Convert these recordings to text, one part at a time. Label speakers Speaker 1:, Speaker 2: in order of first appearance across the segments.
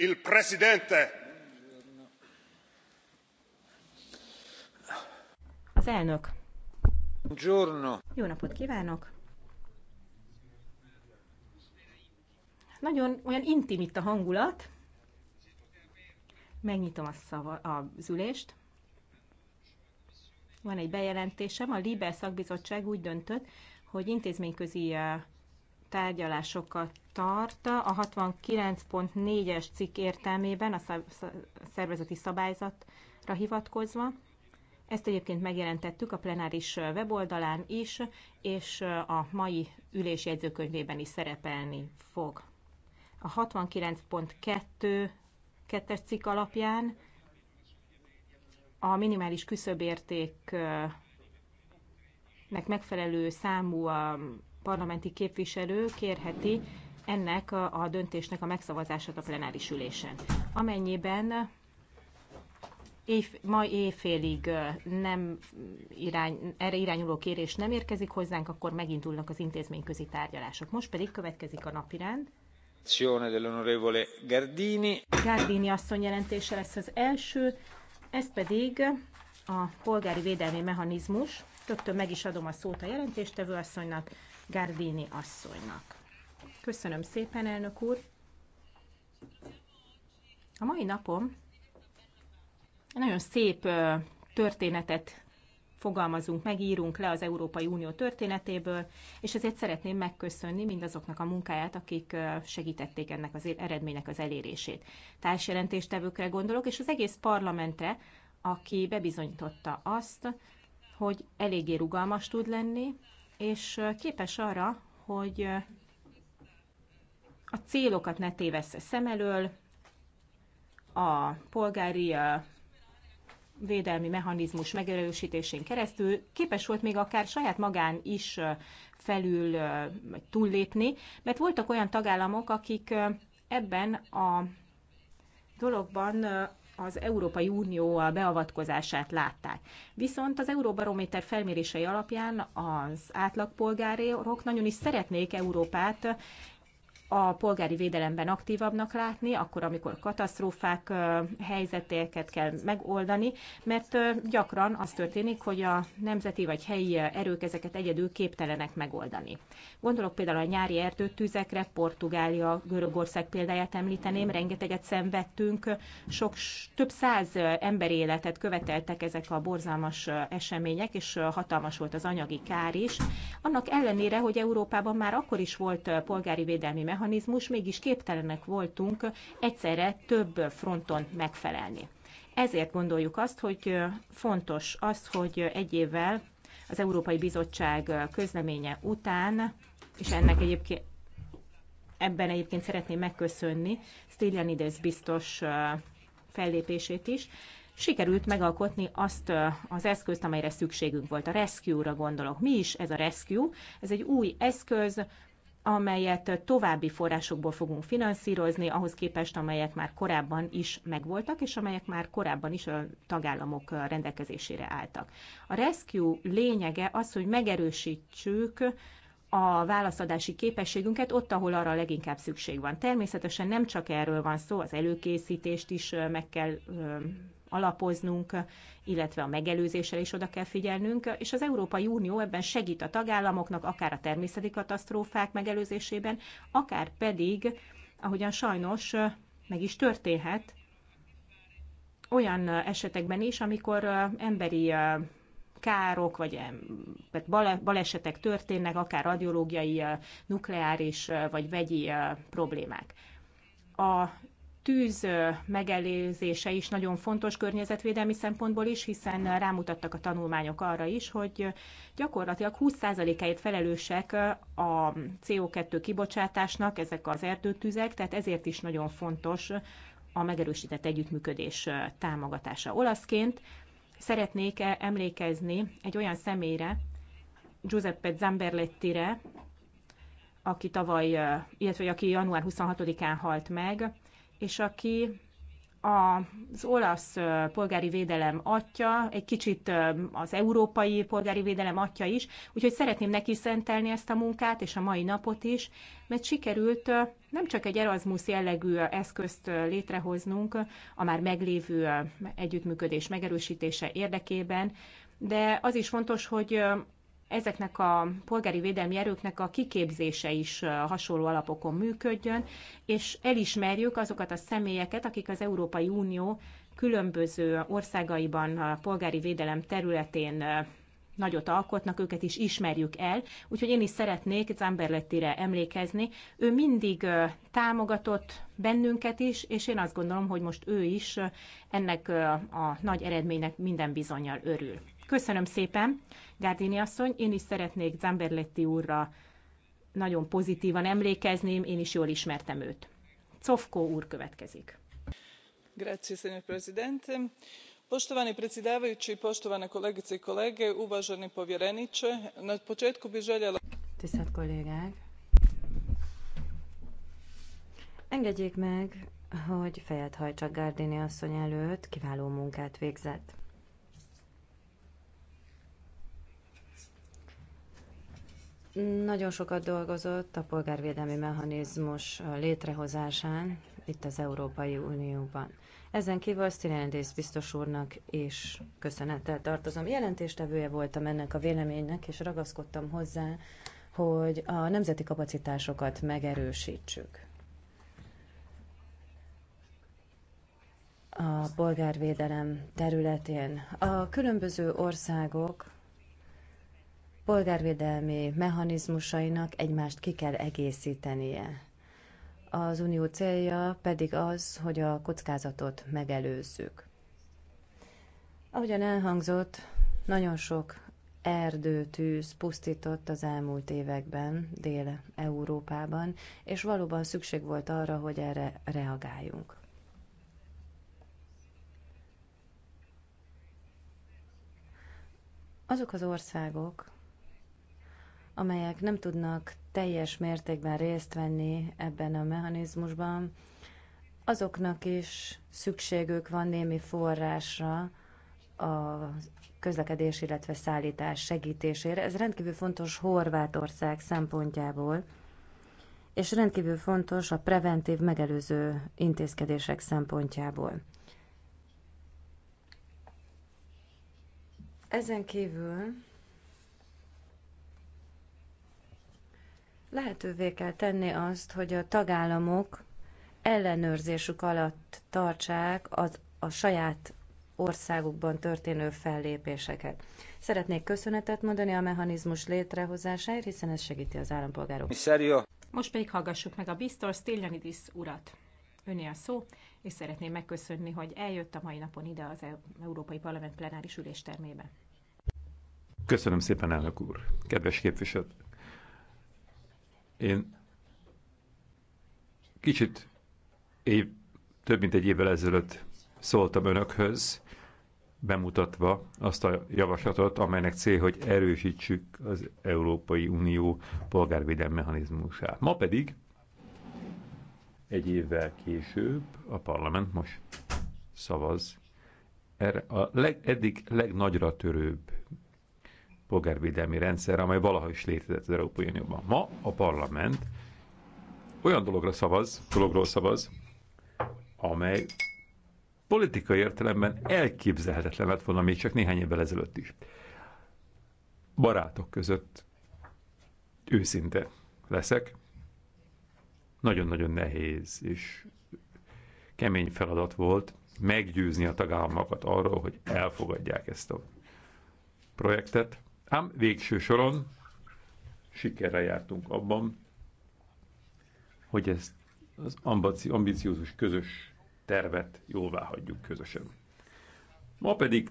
Speaker 1: il presidente az elnök Buongiorno.
Speaker 2: Jó napot kívánok! Nagyon olyan intim itt a hangulat. Megnyitom a, szava, a ülést. Van egy bejelentésem. A Libel szakbizottság úgy döntött, hogy intézményközi eh, tárgyalásokat tart a 69.4-es cikk értelmében a szervezeti szabályzatra hivatkozva. Ezt egyébként megjelentettük a plenáris weboldalán is, és a mai ülés jegyzőkönyvében is szerepelni fog. A 69.2 kettes cikk alapján a minimális küszöbértéknek megfelelő számú um, parlamenti képviselő kérheti ennek a döntésnek a megszavazását a plenáris ülésen. Amennyiben év, mai éjfélig nem irány, erre irányuló kérés nem érkezik hozzánk, akkor megindulnak az intézményközi tárgyalások. Most pedig következik a napirend.
Speaker 1: dell'onorevole Gardini.
Speaker 2: Gardini asszony jelentése lesz az első, ez pedig a polgári védelmi mechanizmus. Töktön meg is adom a szót a jelentéstevő asszonynak. Gardini asszonynak. Köszönöm szépen, elnök úr! A mai napom nagyon szép történetet fogalmazunk, megírunk le az Európai Unió történetéből, és ezért szeretném megköszönni mindazoknak a munkáját, akik segítették ennek az eredménynek az elérését. Társjelentéstevőkre gondolok, és az egész parlamentre, aki bebizonyította azt, hogy eléggé rugalmas tud lenni, és képes arra, hogy a célokat ne tévessze szem elől, a polgári védelmi mechanizmus megerősítésén keresztül képes volt még akár saját magán is felül vagy túllépni, mert voltak olyan tagállamok, akik ebben a dologban az Európai Unió a beavatkozását látták. Viszont az Euróbarométer felmérései alapján az átlagpolgárok nagyon is szeretnék Európát a polgári védelemben aktívabbnak látni, akkor, amikor katasztrófák helyzetéket kell megoldani, mert gyakran az történik, hogy a nemzeti vagy helyi erők ezeket egyedül képtelenek megoldani. Gondolok például a nyári erdőtűzekre, Portugália, Görögország példáját említeném, rengeteget szenvedtünk, sok, több száz életet követeltek ezek a borzalmas események, és hatalmas volt az anyagi kár is. Annak ellenére, hogy Európában már akkor is volt polgári védelmi mechanizmus, mechanizmus, mégis képtelenek voltunk egyszerre több fronton megfelelni. Ezért gondoljuk azt, hogy fontos az, hogy egy évvel az Európai Bizottság közleménye után, és ennek egyébként ebben egyébként szeretném megköszönni Stylianides biztos fellépését is, sikerült megalkotni azt az eszközt, amelyre szükségünk volt. A rescue-ra gondolok. Mi is ez a rescue? Ez egy új eszköz, amelyet további forrásokból fogunk finanszírozni, ahhoz képest, amelyek már korábban is megvoltak, és amelyek már korábban is a tagállamok rendelkezésére álltak. A Rescue lényege az, hogy megerősítsük a válaszadási képességünket ott, ahol arra leginkább szükség van. Természetesen nem csak erről van szó, az előkészítést is meg kell alapoznunk, illetve a megelőzésre is oda kell figyelnünk, és az Európai Unió ebben segít a tagállamoknak, akár a természeti katasztrófák megelőzésében, akár pedig, ahogyan sajnos meg is történhet, olyan esetekben is, amikor emberi károk, vagy balesetek történnek, akár radiológiai, nukleáris, vagy vegyi problémák. A tűz megelőzése is nagyon fontos környezetvédelmi szempontból is, hiszen rámutattak a tanulmányok arra is, hogy gyakorlatilag 20%-áért felelősek a CO2 kibocsátásnak ezek az erdőtüzek, tehát ezért is nagyon fontos a megerősített együttműködés támogatása. Olaszként szeretnék e, emlékezni egy olyan személyre, Giuseppe Zamberlettire, aki tavaly, illetve aki január 26-án halt meg, és aki az olasz polgári védelem atya, egy kicsit az európai polgári védelem atya is, úgyhogy szeretném neki szentelni ezt a munkát, és a mai napot is, mert sikerült nem csak egy Erasmus jellegű eszközt létrehoznunk a már meglévő együttműködés megerősítése érdekében, de az is fontos, hogy ezeknek a polgári védelmi erőknek a kiképzése is hasonló alapokon működjön, és elismerjük azokat a személyeket, akik az Európai Unió különböző országaiban a polgári védelem területén nagyot alkotnak, őket is ismerjük el. Úgyhogy én is szeretnék Zamberlettire emlékezni. Ő mindig támogatott bennünket is, és én azt gondolom, hogy most ő is ennek a nagy eredménynek minden bizonyal örül. Köszönöm szépen, Gárdini asszony, én is szeretnék Zamberletti úrra nagyon pozitívan emlékezni. én is jól ismertem őt. Cofko úr következik. Grazie, signor Presidente. Poštovani predsjedavajući, poštovane kolegice i kolege, uvaženi povjereniče, na početku bih željela...
Speaker 3: Tisztelt kollégák! Engedjék meg, hogy fejet hajtsak Gardini asszony előtt, kiváló munkát végzett. Nagyon sokat dolgozott a polgárvédelmi mechanizmus létrehozásán itt az Európai Unióban. Ezen kívül Sztirendész biztos úrnak is köszönettel tartozom. Jelentéstevője voltam ennek a véleménynek, és ragaszkodtam hozzá, hogy a nemzeti kapacitásokat megerősítsük. A polgárvédelem területén a különböző országok polgárvédelmi mechanizmusainak egymást ki kell egészítenie. Az unió célja pedig az, hogy a kockázatot megelőzzük. Ahogyan elhangzott, nagyon sok erdőtűz pusztított az elmúlt években Dél-Európában, és valóban szükség volt arra, hogy erre reagáljunk. Azok az országok, amelyek nem tudnak teljes mértékben részt venni ebben a mechanizmusban, azoknak is szükségük van némi forrásra a közlekedés, illetve szállítás segítésére. Ez rendkívül fontos Horvátország szempontjából, és rendkívül fontos a preventív megelőző intézkedések szempontjából. Ezen kívül Lehetővé kell tenni azt, hogy a tagállamok ellenőrzésük alatt tartsák az, a saját országukban történő fellépéseket. Szeretnék köszönetet mondani a mechanizmus létrehozásáért, hiszen ez segíti az állampolgárok.
Speaker 2: Most pedig hallgassuk meg a biztos Stylianidis urat. Öné a szó, és szeretném megköszönni, hogy eljött a mai napon ide az e- Európai Parlament plenáris üléstermébe.
Speaker 4: Köszönöm szépen, elnök úr! Kedves képviselő. Én kicsit év, több mint egy évvel ezelőtt szóltam önökhöz, bemutatva azt a javaslatot, amelynek cél, hogy erősítsük az Európai Unió polgárvédelmi mechanizmusát. Ma pedig egy évvel később a parlament most szavaz erre a leg, eddig legnagyra törőbb polgárvédelmi rendszer, amely valaha is létezett az Európai Unióban. Ma a parlament olyan dologra szavaz, dologról szavaz, amely politikai értelemben elképzelhetetlen lett volna még csak néhány évvel ezelőtt is. Barátok között őszinte leszek. Nagyon-nagyon nehéz és kemény feladat volt meggyőzni a tagállamokat arról, hogy elfogadják ezt a projektet. Ám végső soron sikerre jártunk abban, hogy ezt az ambiciózus közös tervet jóvá hagyjuk közösen. Ma pedig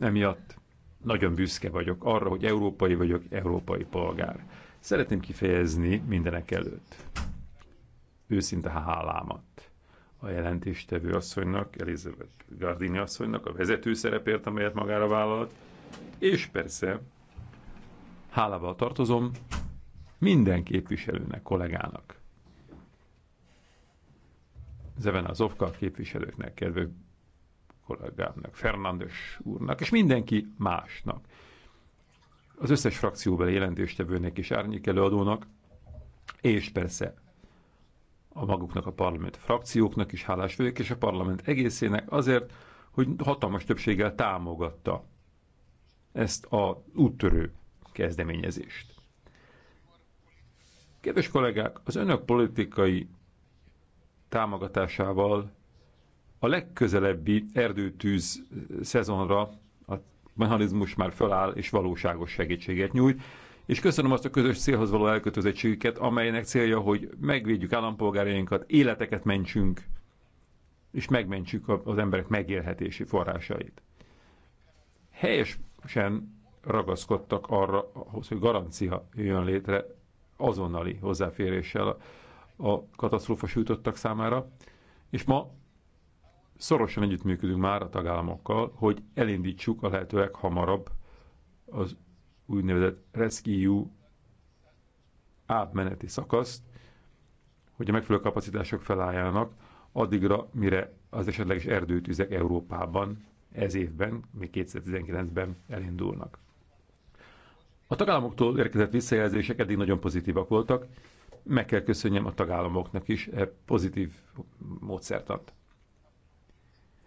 Speaker 4: emiatt nagyon büszke vagyok arra, hogy európai vagyok, európai polgár. Szeretném kifejezni mindenek előtt őszinte hálámat a jelentéstevő asszonynak, Elizabeth Gardini asszonynak, a vezető szerepért, amelyet magára vállalt, és persze Hálával tartozom minden képviselőnek, kollégának. Zeven az Ofka képviselőknek, kedvő kollégámnak, Fernandes úrnak, és mindenki másnak. Az összes frakcióbeli jelentéstevőnek és árnyék előadónak, és persze a maguknak a parlament frakcióknak is hálás vagyok, és a parlament egészének azért, hogy hatalmas többséggel támogatta ezt a úttörő kezdeményezést. Kedves kollégák, az önök politikai támogatásával a legközelebbi erdőtűz szezonra a mechanizmus már föláll és valóságos segítséget nyújt, és köszönöm azt a közös célhoz való elkötelezettségüket, amelynek célja, hogy megvédjük állampolgárainkat, életeket mentsünk, és megmentsük az emberek megélhetési forrásait. Helyesen ragaszkodtak arra, ahhoz, hogy garancia jön létre azonnali hozzáféréssel a katasztrófa sújtottak számára, és ma szorosan együttműködünk már a tagállamokkal, hogy elindítsuk a lehetőek hamarabb az úgynevezett Rescue átmeneti szakaszt, hogy a megfelelő kapacitások felálljanak, addigra, mire az esetleges erdőtüzek Európában ez évben, még 2019-ben elindulnak. A tagállamoktól érkezett visszajelzések eddig nagyon pozitívak voltak. Meg kell köszönjem a tagállamoknak is e pozitív módszertant.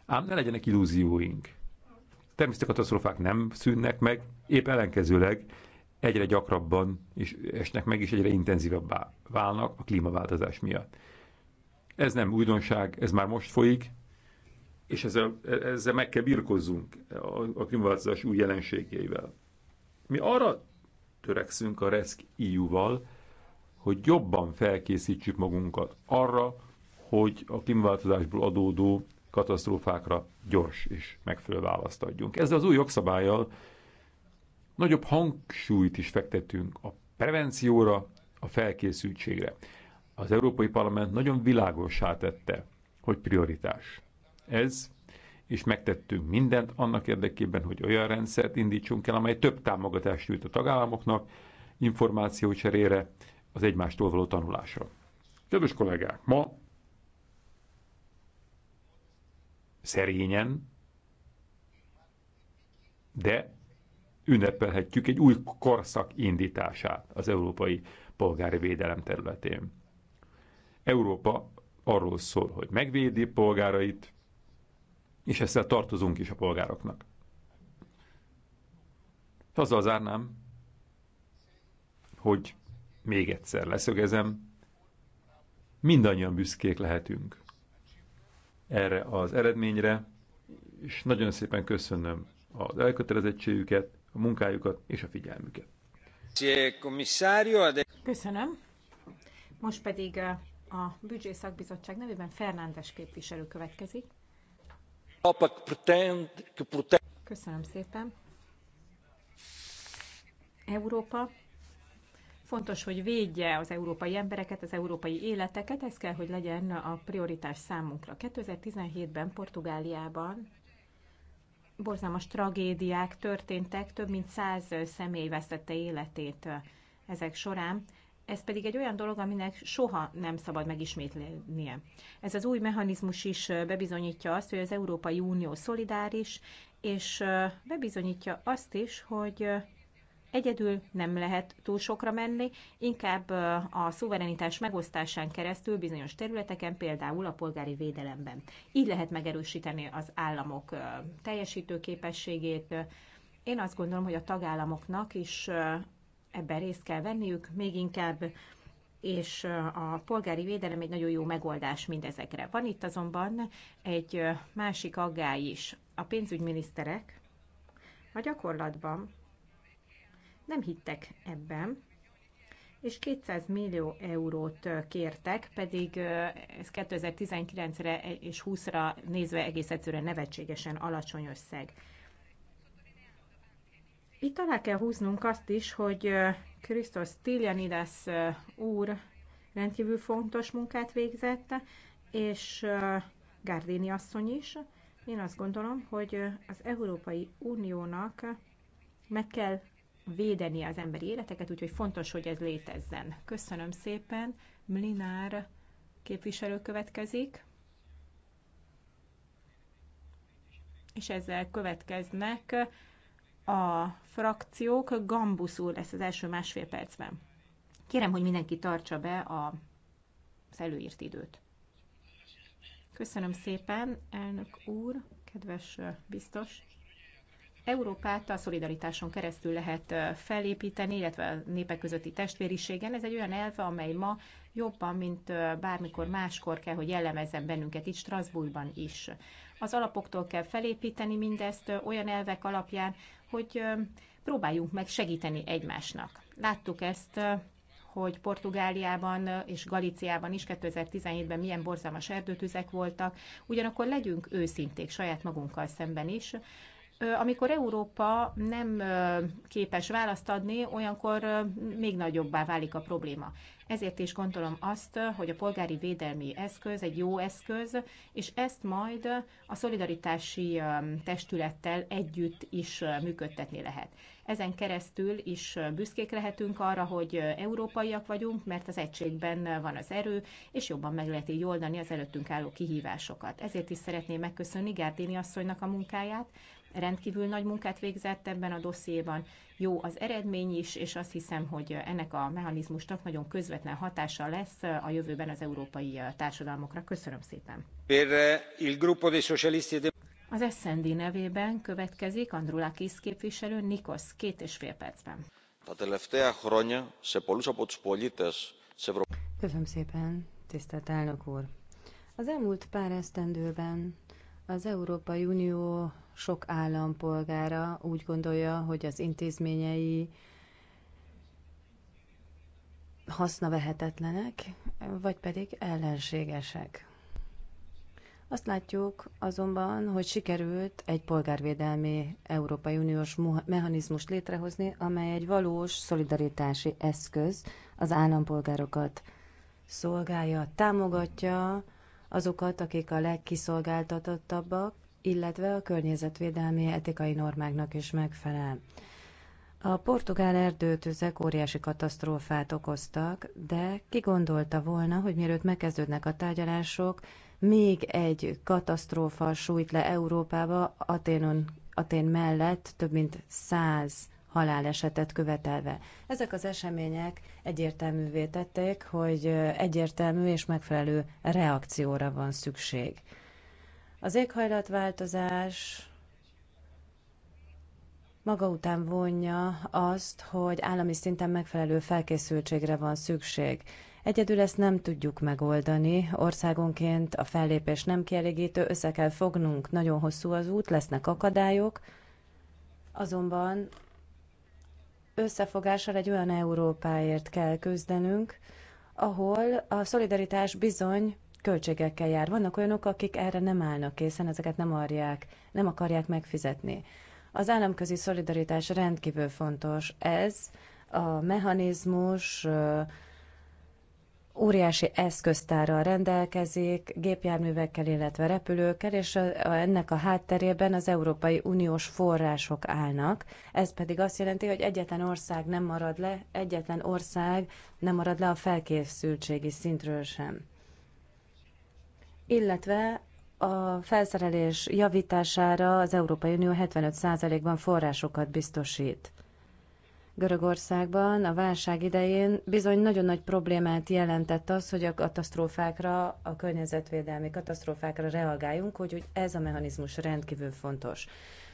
Speaker 4: Ám ne legyenek illúzióink. Természetesen katasztrofák nem szűnnek meg, épp ellenkezőleg egyre gyakrabban és esnek meg, és egyre intenzívabbá válnak a klímaváltozás miatt. Ez nem újdonság, ez már most folyik, és ezzel, ezzel meg kell birkozzunk a, a klímaváltozás új jelenségeivel. Mi arra törekszünk a reszk EU-val, hogy jobban felkészítsük magunkat arra, hogy a klímaváltozásból adódó katasztrófákra gyors és megfelelő választ adjunk. Ezzel az új jogszabályjal nagyobb hangsúlyt is fektetünk a prevencióra, a felkészültségre. Az Európai Parlament nagyon világosá tette, hogy prioritás. Ez és megtettünk mindent annak érdekében, hogy olyan rendszert indítsunk el, amely több támogatást nyújt a tagállamoknak, információ cserére, az egymástól való tanulásra. Kedves kollégák, ma szerényen, de ünnepelhetjük egy új korszak indítását az európai polgári védelem területén. Európa arról szól, hogy megvédi polgárait, és ezzel tartozunk is a polgároknak. És azzal zárnám, hogy még egyszer leszögezem, mindannyian büszkék lehetünk erre az eredményre, és nagyon szépen köszönöm az elkötelezettségüket, a munkájukat
Speaker 1: és a figyelmüket. Köszönöm.
Speaker 2: Most pedig eh, a Büdzsé Szakbizottság nevében Fernándes képviselő következik. Európa Fontos, hogy védje az európai embereket, az európai életeket, ez kell, hogy legyen a prioritás számunkra. 2017-ben Portugáliában borzalmas tragédiák történtek, több mint száz személy vesztette életét ezek során ez pedig egy olyan dolog, aminek soha nem szabad megismétlenie. Ez az új mechanizmus is bebizonyítja azt, hogy az Európai Unió szolidáris, és bebizonyítja azt is, hogy egyedül nem lehet túl sokra menni, inkább a szuverenitás megosztásán keresztül bizonyos területeken, például a polgári védelemben. Így lehet megerősíteni az államok teljesítő képességét. Én azt gondolom, hogy a tagállamoknak is ebben részt kell venniük, még inkább, és a polgári védelem egy nagyon jó megoldás mindezekre. Van itt azonban egy másik aggály is. A pénzügyminiszterek a gyakorlatban nem hittek ebben, és 200 millió eurót kértek, pedig ez 2019-re és 20-ra nézve egész egyszerűen nevetségesen alacsony összeg. Itt alá kell húznunk azt is, hogy Krisztus Tiljanides úr rendkívül fontos munkát végzett, és Gárdéni asszony is. Én azt gondolom, hogy az Európai Uniónak meg kell védeni az emberi életeket, úgyhogy fontos, hogy ez létezzen. Köszönöm szépen. Mlinár képviselő következik. És ezzel következnek a frakciók. gambuszul lesz az első másfél percben. Kérem, hogy mindenki tartsa be a az előírt időt. Köszönöm szépen, elnök úr, kedves biztos. Európát a szolidaritáson keresztül lehet felépíteni, illetve a népek közötti testvériségen. Ez egy olyan elve, amely ma jobban, mint bármikor máskor kell, hogy jellemezzen bennünket itt Strasbourgban is. Az alapoktól kell felépíteni mindezt olyan elvek alapján, hogy próbáljunk meg segíteni egymásnak. Láttuk ezt hogy Portugáliában és Galíciában is 2017-ben milyen borzalmas erdőtüzek voltak, ugyanakkor legyünk őszinték saját magunkkal szemben is, amikor Európa nem képes választ adni, olyankor még nagyobbá válik a probléma. Ezért is gondolom azt, hogy a polgári védelmi eszköz egy jó eszköz, és ezt majd a szolidaritási testülettel együtt is működtetni lehet. Ezen keresztül is büszkék lehetünk arra, hogy európaiak vagyunk, mert az egységben van az erő, és jobban meg lehet így oldani az előttünk álló kihívásokat. Ezért is szeretném megköszönni Gárdéni asszonynak a munkáját, rendkívül nagy munkát végzett ebben a dossziéban. Jó az eredmény is, és azt hiszem, hogy ennek a mechanizmusnak nagyon közvetlen hatása lesz a jövőben az európai társadalmokra. Köszönöm szépen. E az SND nevében következik Andrulakis képviselő Nikos két és fél percben. Köszönöm
Speaker 3: szépen, tisztelt elnök úr! Az elmúlt pár esztendőben az Európai Unió sok állampolgára úgy gondolja, hogy az intézményei hasznavehetetlenek, vagy pedig ellenségesek. Azt látjuk azonban, hogy sikerült egy polgárvédelmi Európai Uniós mechanizmus létrehozni, amely egy valós szolidaritási eszköz az állampolgárokat szolgálja, támogatja azokat, akik a legkiszolgáltatottabbak, illetve a környezetvédelmi etikai normáknak is megfelel. A portugál erdőtüzek óriási katasztrófát okoztak, de ki gondolta volna, hogy mielőtt megkezdődnek a tárgyalások, még egy katasztrófa sújt le Európába, Aténon, Atén mellett több mint száz halálesetet követelve. Ezek az események egyértelművé tették, hogy egyértelmű és megfelelő reakcióra van szükség. Az éghajlatváltozás maga után vonja azt, hogy állami szinten megfelelő felkészültségre van szükség. Egyedül ezt nem tudjuk megoldani. Országonként a fellépés nem kielégítő, össze kell fognunk, nagyon hosszú az út, lesznek akadályok, azonban összefogással egy olyan Európáért kell küzdenünk, ahol a szolidaritás bizony költségekkel jár. Vannak olyanok, akik erre nem állnak készen, ezeket nem, arják, nem akarják megfizetni. Az államközi szolidaritás rendkívül fontos. Ez a mechanizmus óriási eszköztárral rendelkezik, gépjárművekkel, illetve repülőkkel, és ennek a hátterében az Európai Uniós források állnak. Ez pedig azt jelenti, hogy egyetlen ország nem marad le, egyetlen ország nem marad le a felkészültségi szintről sem illetve a felszerelés javítására az Európai Unió 75%-ban forrásokat biztosít. Görögországban a válság idején bizony nagyon nagy problémát jelentett az, hogy a katasztrófákra, a környezetvédelmi katasztrófákra reagáljunk, hogy, hogy ez a mechanizmus rendkívül fontos.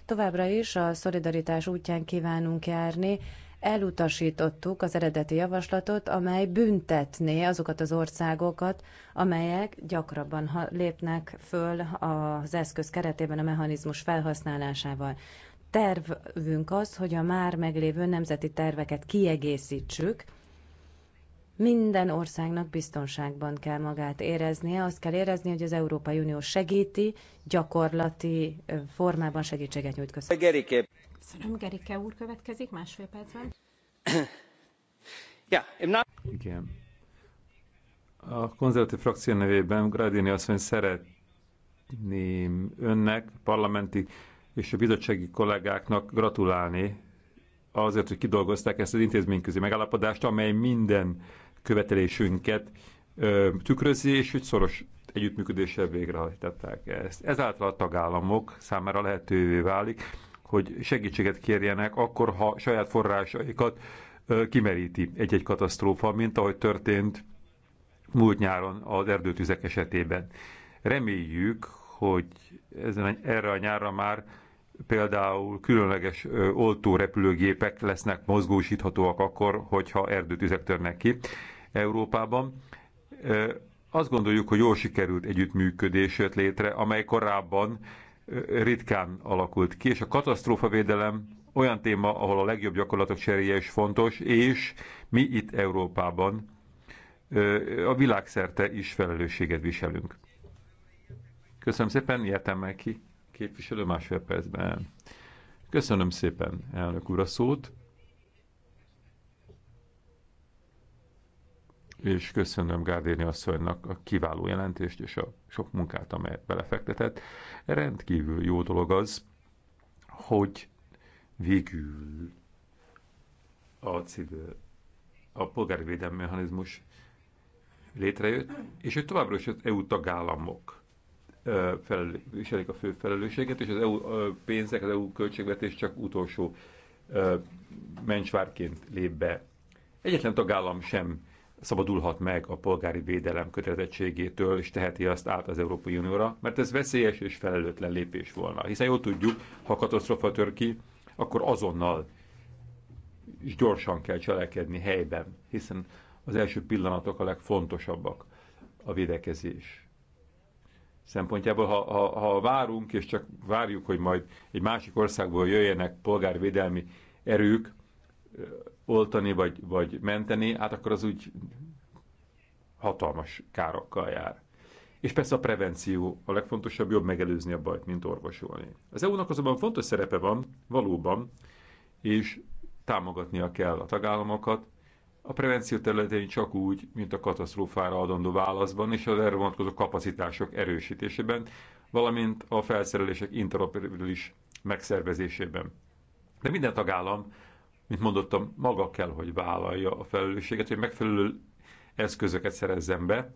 Speaker 3: Továbbra is a szolidaritás útján kívánunk járni, elutasítottuk az eredeti javaslatot, amely büntetné azokat az országokat, amelyek gyakrabban lépnek föl az eszköz keretében a mechanizmus felhasználásával. Tervünk az, hogy a már meglévő nemzeti terveket kiegészítsük, minden országnak biztonságban kell magát éreznie, azt kell érezni, hogy az Európai Unió segíti, gyakorlati formában segítséget nyújt.
Speaker 2: Köszönöm. Köszönöm, Gerike úr következik másfél
Speaker 1: percben. ja, Igen.
Speaker 4: A konzervatív frakció nevében Gradini asszony szeretném önnek, parlamenti és a bizottsági kollégáknak gratulálni azért, hogy kidolgozták ezt az intézményközi megállapodást, amely minden követelésünket ö, tükrözi, és hogy szoros együttműködéssel végrehajtották ezt. Ezáltal a tagállamok számára lehetővé válik, hogy segítséget kérjenek akkor, ha saját forrásaikat kimeríti egy-egy katasztrófa, mint ahogy történt múlt nyáron az erdőtüzek esetében. Reméljük, hogy ezen, erre a nyárra már például különleges oltórepülőgépek lesznek mozgósíthatóak akkor, hogyha erdőtüzek törnek ki Európában. Azt gondoljuk, hogy jól sikerült együttműködés jött létre, amely korábban ritkán alakult ki, és a katasztrófavédelem olyan téma, ahol a legjobb gyakorlatok cseréje is fontos, és mi itt Európában a világszerte is felelősséget viselünk. Köszönöm szépen, értem meg ki képviselő másfél percben. Köszönöm szépen, elnök úr, a szót. és köszönöm Gárdéni asszonynak a kiváló jelentést és a sok munkát, amelyet belefektetett. Rendkívül jó dolog az, hogy végül a civil, a polgári védelmi mechanizmus létrejött, és hogy továbbra is az EU tagállamok viselik a fő felelősséget, és az EU pénzek, az EU költségvetés csak utolsó mencsvárként lép be. Egyetlen tagállam sem szabadulhat meg a polgári védelem kötelezettségétől, és teheti azt át az Európai Unióra, mert ez veszélyes és felelőtlen lépés volna. Hiszen jól tudjuk, ha katasztrofa tör ki, akkor azonnal és gyorsan kell cselekedni helyben, hiszen az első pillanatok a legfontosabbak a védekezés szempontjából, ha, ha, ha várunk, és csak várjuk, hogy majd egy másik országból jöjjenek polgárvédelmi erők, oltani vagy, vagy menteni, hát akkor az úgy hatalmas károkkal jár. És persze a prevenció a legfontosabb, jobb megelőzni a bajt, mint orvosolni. Az EU-nak azonban fontos szerepe van, valóban, és támogatnia kell a tagállamokat, a prevenció területén csak úgy, mint a katasztrófára adandó válaszban és az erre vonatkozó kapacitások erősítésében, valamint a felszerelések interoperabilis megszervezésében. De minden tagállam mint mondottam, maga kell, hogy vállalja a felelősséget, hogy megfelelő eszközöket szerezzen be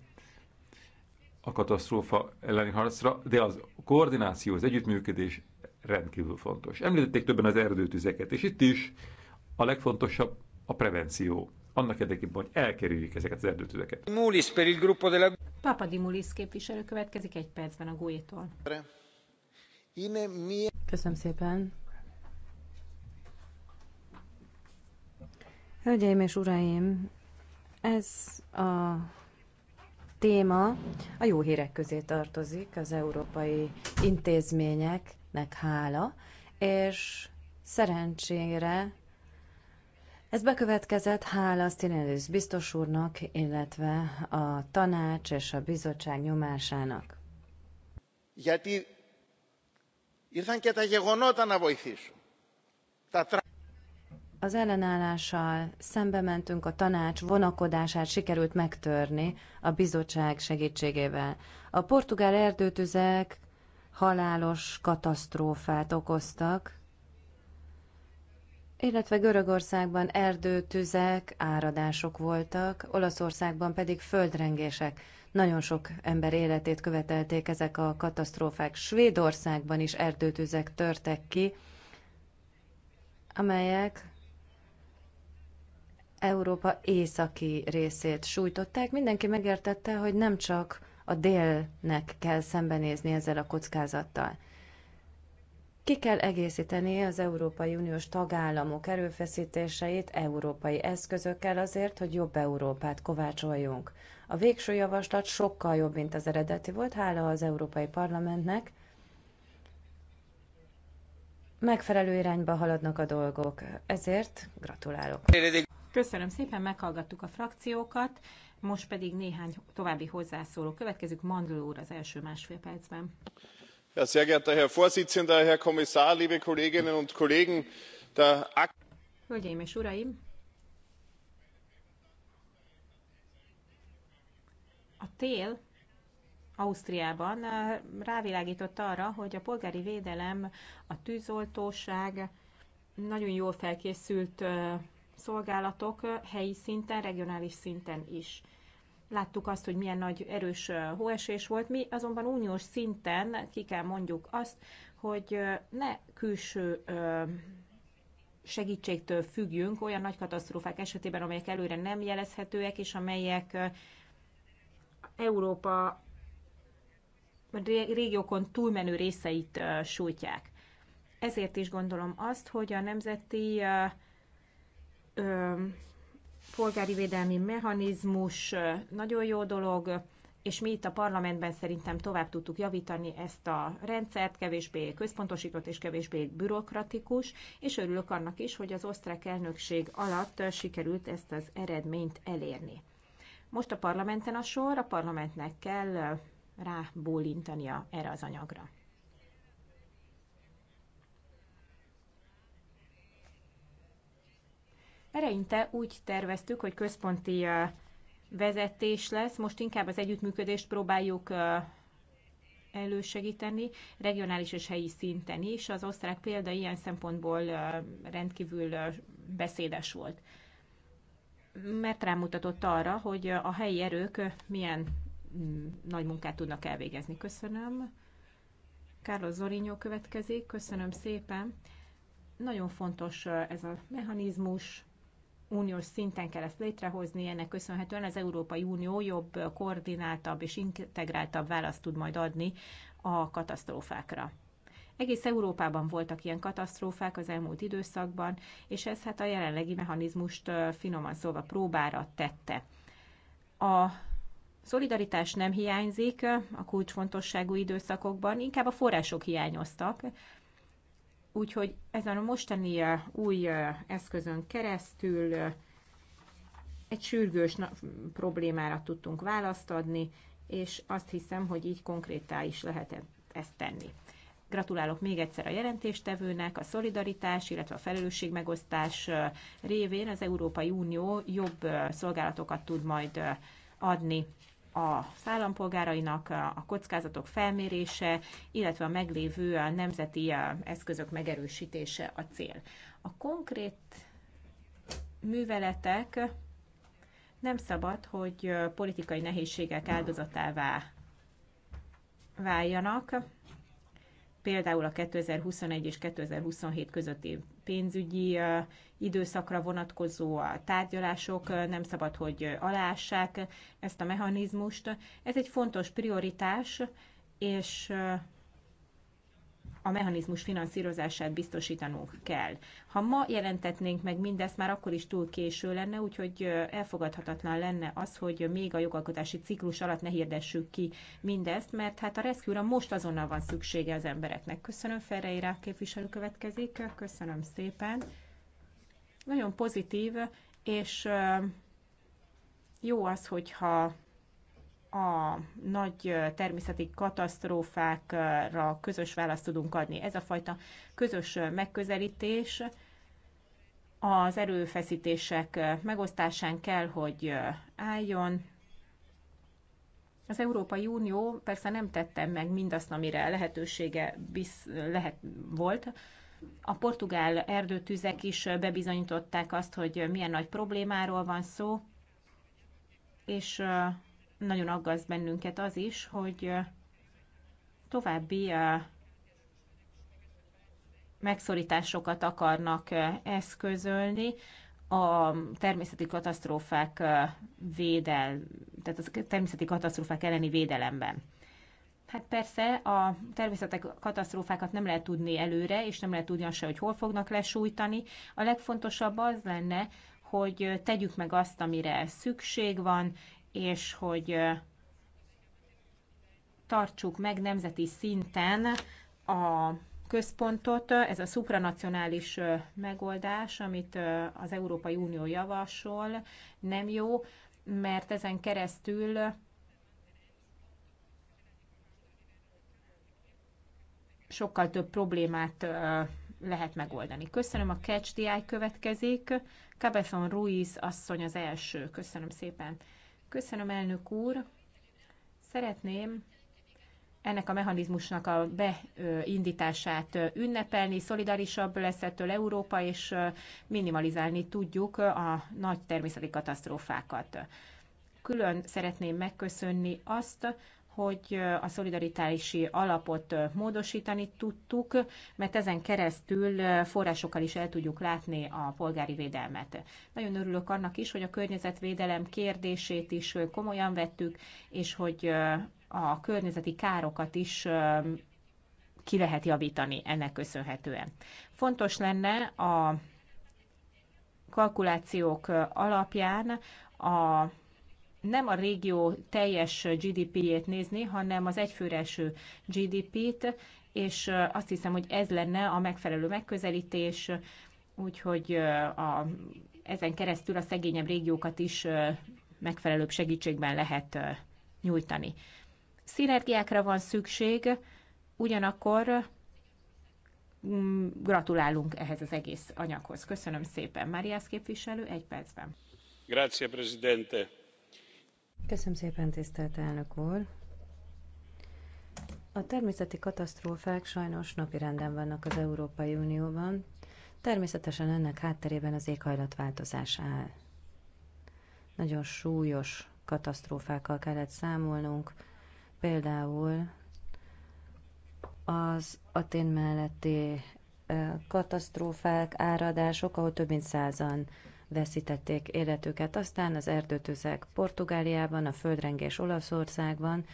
Speaker 4: a katasztrófa elleni harcra, de az koordináció, az együttműködés rendkívül fontos. Említették többen az erdőtüzeket, és itt is a legfontosabb a prevenció. Annak érdekében, hogy elkerüljük ezeket az erdőtüzeket.
Speaker 2: Papa Dimulis képviselő következik egy percben a Gójétól. Köszönöm szépen.
Speaker 3: Hölgyeim és uraim, ez a téma a jó hírek közé tartozik, az európai intézményeknek hála, és szerencsére ez bekövetkezett, hála Stinelius biztos úrnak, illetve a tanács és a bizottság nyomásának.
Speaker 1: Γιατί ήρθαν και τα γεγονότα να βοηθήσουν. Τα
Speaker 3: az ellenállással szembe mentünk, a tanács vonakodását sikerült megtörni a bizottság segítségével. A portugál erdőtüzek halálos katasztrófát okoztak, illetve Görögországban erdőtüzek, áradások voltak, Olaszországban pedig földrengések. Nagyon sok ember életét követelték ezek a katasztrófák. Svédországban is erdőtüzek törtek ki, amelyek Európa északi részét sújtották. Mindenki megértette, hogy nem csak a délnek kell szembenézni ezzel a kockázattal. Ki kell egészíteni az Európai Uniós tagállamok erőfeszítéseit európai eszközökkel azért, hogy jobb Európát kovácsoljunk. A végső javaslat sokkal jobb, mint az eredeti volt, hála az Európai Parlamentnek. Megfelelő irányba haladnak a dolgok, ezért
Speaker 2: gratulálok. Köszönöm szépen, meghallgattuk a frakciókat, most pedig néhány további hozzászóló következik. Mandl úr az első másfél percben.
Speaker 4: Ja, sehr geehrter Herr Vorsitzender, Herr Kommissar, liebe Kolleginnen und Kollegen, der
Speaker 2: Hölgyeim és uraim, a tél Ausztriában eh, rávilágított arra, hogy a polgári védelem, a tűzoltóság nagyon jól felkészült eh, szolgálatok helyi szinten, regionális szinten is. Láttuk azt, hogy milyen nagy erős hóesés volt. Mi azonban uniós szinten ki kell mondjuk azt, hogy ne külső segítségtől függjünk olyan nagy katasztrófák esetében, amelyek előre nem jelezhetőek, és amelyek Európa régiókon túlmenő részeit sújtják. Ezért is gondolom azt, hogy a nemzeti polgári védelmi mechanizmus nagyon jó dolog, és mi itt a parlamentben szerintem tovább tudtuk javítani ezt a rendszert, kevésbé központosított és kevésbé bürokratikus, és örülök annak is, hogy az osztrák elnökség alatt sikerült ezt az eredményt elérni. Most a parlamenten a sor, a parlamentnek kell rábólintania erre az anyagra. Ereinte úgy terveztük, hogy központi vezetés lesz, most inkább az együttműködést próbáljuk elősegíteni, regionális és helyi szinten is. Az osztrák példa ilyen szempontból rendkívül beszédes volt, mert rámutatott arra, hogy a helyi erők milyen mm, nagy munkát tudnak elvégezni. Köszönöm. Carlos Zorinyó következik. Köszönöm szépen. Nagyon fontos ez a mechanizmus, uniós szinten kell ezt létrehozni, ennek köszönhetően az Európai Unió jobb, koordináltabb és integráltabb választ tud majd adni a katasztrófákra. Egész Európában voltak ilyen katasztrófák az elmúlt időszakban, és ez hát a jelenlegi mechanizmust finoman szólva próbára tette. A szolidaritás nem hiányzik a kulcsfontosságú időszakokban, inkább a források hiányoztak, Úgyhogy ezen a mostani új eszközön keresztül egy sürgős problémára tudtunk választ adni, és azt hiszem, hogy így konkrétá is lehet ezt tenni. Gratulálok még egyszer a jelentéstevőnek, a szolidaritás, illetve a felelősségmegosztás révén az Európai Unió jobb szolgálatokat tud majd adni a állampolgárainak a kockázatok felmérése, illetve a meglévő a nemzeti eszközök megerősítése a cél. A konkrét műveletek nem szabad, hogy politikai nehézségek áldozatává váljanak, például a 2021 és 2027 közötti pénzügyi időszakra vonatkozó tárgyalások nem szabad, hogy alássák ezt a mechanizmust. Ez egy fontos prioritás, és a mechanizmus finanszírozását biztosítanunk kell. Ha ma jelentetnénk meg mindezt, már akkor is túl késő lenne, úgyhogy elfogadhatatlan lenne az, hogy még a jogalkotási ciklus alatt ne hirdessük ki mindezt, mert hát a rescue most azonnal van szüksége az embereknek. Köszönöm, Ferreira képviselő következik, köszönöm szépen. Nagyon pozitív, és jó az, hogyha a nagy természeti katasztrófákra közös választ tudunk adni. Ez a fajta közös megközelítés az erőfeszítések megosztásán kell, hogy álljon. Az Európai Unió persze nem tette meg mindazt, amire lehetősége bizz, lehet, volt. A portugál erdőtüzek is bebizonyították azt, hogy milyen nagy problémáról van szó, és nagyon aggaszt bennünket az is, hogy további megszorításokat akarnak eszközölni a természeti katasztrófák védel, tehát a természeti katasztrófák elleni védelemben. Hát persze a természetek katasztrófákat nem lehet tudni előre, és nem lehet tudni azt se, hogy hol fognak lesújtani. A legfontosabb az lenne, hogy tegyük meg azt, amire szükség van, és hogy tartsuk meg nemzeti szinten a központot. Ez a supranacionális megoldás, amit az Európai Unió javasol, nem jó, mert ezen keresztül sokkal több problémát lehet megoldani. Köszönöm, a Catch the Eye következik. Cabezon Ruiz asszony az első. Köszönöm szépen. Köszönöm, elnök úr. Szeretném ennek a mechanizmusnak a beindítását ünnepelni, szolidarisabb lesz ettől Európa, és minimalizálni tudjuk a nagy természeti katasztrófákat. Külön szeretném megköszönni azt, hogy a szolidaritási alapot módosítani tudtuk, mert ezen keresztül forrásokkal is el tudjuk látni a polgári védelmet. Nagyon örülök annak is, hogy a környezetvédelem kérdését is komolyan vettük, és hogy a környezeti károkat is ki lehet javítani ennek köszönhetően. Fontos lenne a kalkulációk alapján a nem a régió teljes GDP-jét nézni, hanem az egyfőre eső GDP-t, és azt hiszem, hogy ez lenne a megfelelő megközelítés, úgyhogy a, ezen keresztül a szegényebb régiókat is megfelelőbb segítségben lehet nyújtani. Szinergiákra van szükség, ugyanakkor mm, gratulálunk ehhez az egész anyaghoz. Köszönöm szépen, Máriász képviselő, egy percben.
Speaker 4: Grazie, Presidente
Speaker 2: Köszönöm szépen, tisztelt
Speaker 3: elnök úr! A természeti katasztrófák sajnos napirenden vannak az Európai Unióban. Természetesen ennek hátterében az éghajlatváltozás áll. Nagyon súlyos katasztrófákkal kellett számolnunk, például az Atén melletti katasztrófák, áradások, ahol több mint százan veszítették életüket. Aztán az erdőtüzek Portugáliában, a földrengés Olaszországban,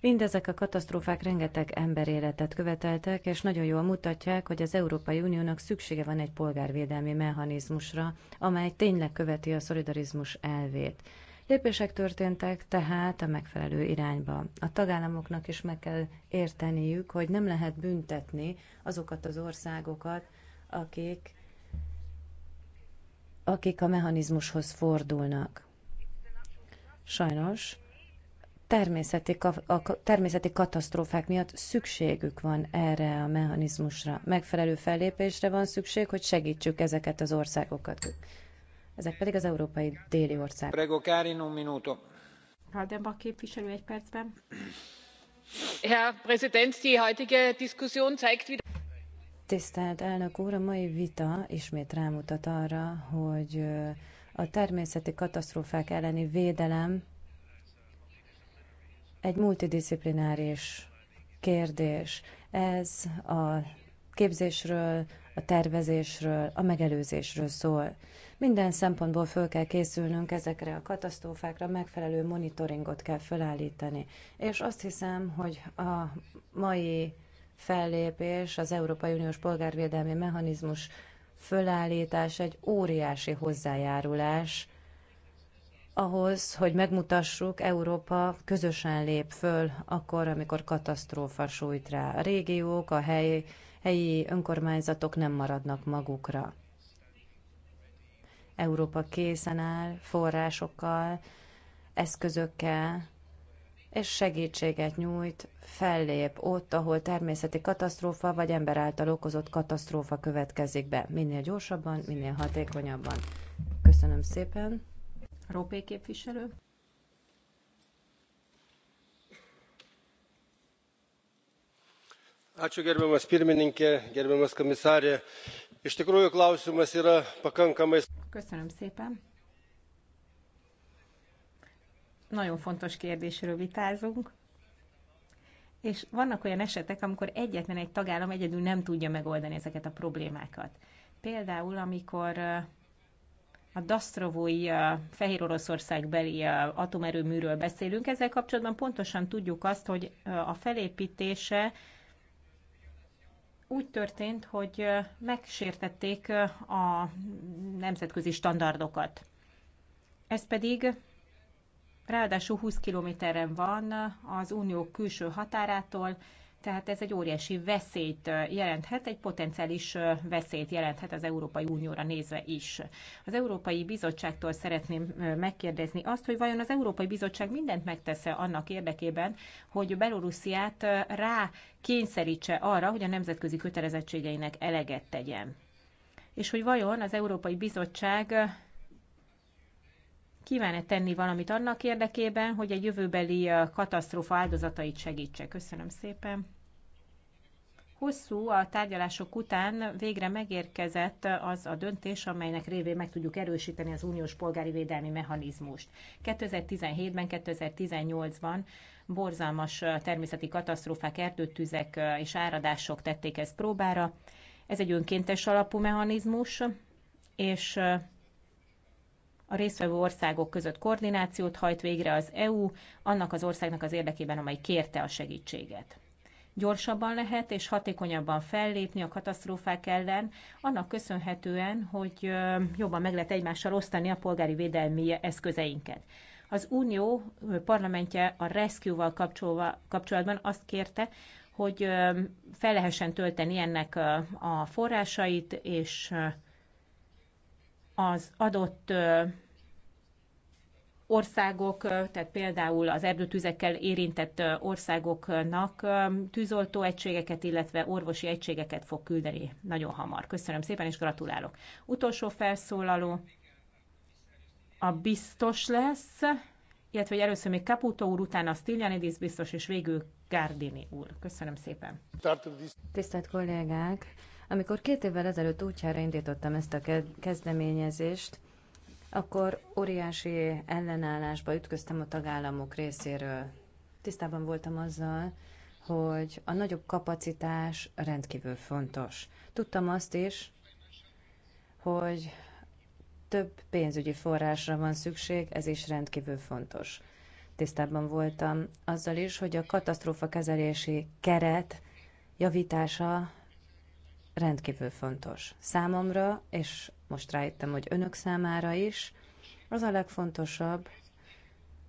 Speaker 3: Mindezek a katasztrófák rengeteg emberéletet követeltek, és nagyon jól mutatják, hogy az Európai Uniónak szüksége van egy polgárvédelmi mechanizmusra, amely tényleg követi a szolidarizmus elvét. Lépések történtek tehát a megfelelő irányba. A tagállamoknak is meg kell érteniük, hogy nem lehet büntetni azokat az országokat, akik akik a mechanizmushoz fordulnak. Sajnos természeti, a természeti katasztrófák miatt szükségük van erre a mechanizmusra. Megfelelő fellépésre van szükség, hogy segítsük ezeket az országokat. Ezek pedig az európai déli országok.
Speaker 1: Prego, Karin, un minuto. Haldenbach
Speaker 2: képviselő egy percben. Herr Präsident, die heutige Diskussion zeigt
Speaker 4: wieder...
Speaker 3: Tisztelt elnök úr, a mai vita ismét rámutat arra, hogy a természeti katasztrófák elleni védelem egy multidisziplináris kérdés. Ez a képzésről, a tervezésről, a megelőzésről szól. Minden szempontból föl kell készülnünk ezekre a katasztrófákra, megfelelő monitoringot kell felállítani. És azt hiszem, hogy a mai fellépés, az Európai Uniós Polgárvédelmi Mechanizmus fölállítás egy óriási hozzájárulás ahhoz, hogy megmutassuk, Európa közösen lép föl akkor, amikor katasztrófa sújt rá. A régiók, a hely, helyi önkormányzatok nem maradnak magukra. Európa készen áll forrásokkal, eszközökkel, és segítséget nyújt, fellép ott, ahol természeti katasztrófa vagy ember által okozott katasztrófa következik be. Minél gyorsabban, minél hatékonyabban. Köszönöm szépen. Ropé
Speaker 2: képviselő.
Speaker 1: Ačiū gerbiamas pirmininkė, gerbiamas komisarė. Iš tikrųjų klausimas yra pakankamai.
Speaker 2: Köszönöm szépen nagyon fontos kérdésről vitázunk, és vannak olyan esetek, amikor egyetlen egy tagállam egyedül nem tudja megoldani ezeket a problémákat. Például, amikor a Dasztrovói Fehér Oroszország beli atomerőműről beszélünk, ezzel kapcsolatban pontosan tudjuk azt, hogy a felépítése úgy történt, hogy megsértették a nemzetközi standardokat. Ez pedig ráadásul 20 kilométeren van az unió külső határától, tehát ez egy óriási veszélyt jelenthet, egy potenciális veszélyt jelenthet az Európai Unióra nézve is. Az Európai Bizottságtól szeretném megkérdezni azt, hogy vajon az Európai Bizottság mindent megtesz annak érdekében, hogy Belorussziát rá kényszerítse arra, hogy a nemzetközi kötelezettségeinek eleget tegyen. És hogy vajon az Európai Bizottság kíván-e tenni valamit annak érdekében, hogy a jövőbeli katasztrófa áldozatait segítse? Köszönöm szépen. Hosszú a tárgyalások után végre megérkezett az a döntés, amelynek révén meg tudjuk erősíteni az uniós polgári védelmi mechanizmust. 2017-ben, 2018-ban borzalmas természeti katasztrófák, erdőtüzek és áradások tették ezt próbára. Ez egy önkéntes alapú mechanizmus, és a résztvevő országok között koordinációt hajt végre az EU annak az országnak az érdekében, amely kérte a segítséget. Gyorsabban lehet és hatékonyabban fellépni a katasztrófák ellen, annak köszönhetően, hogy jobban meg lehet egymással osztani a polgári védelmi eszközeinket. Az Unió parlamentje a Rescue-val kapcsolatban azt kérte, hogy fel lehessen tölteni ennek a forrásait, és az adott országok, tehát például az erdőtüzekkel érintett országoknak tűzoltó egységeket, illetve orvosi egységeket fog küldeni nagyon hamar. Köszönöm szépen, és gratulálok. Utolsó felszólaló a biztos lesz, illetve hogy először még Caputo úr, utána Stiljanidis biztos, és végül Gardini úr. Köszönöm szépen. Tisztelt
Speaker 3: kollégák! Amikor két évvel ezelőtt útjára indítottam ezt a kezdeményezést, akkor óriási ellenállásba ütköztem a tagállamok részéről. Tisztában voltam azzal, hogy a nagyobb kapacitás rendkívül fontos. Tudtam azt is, hogy több pénzügyi forrásra van szükség, ez is rendkívül fontos. Tisztában voltam azzal is, hogy a katasztrófa kezelési keret javítása rendkívül fontos számomra, és most rájöttem, hogy önök számára is. Az a legfontosabb,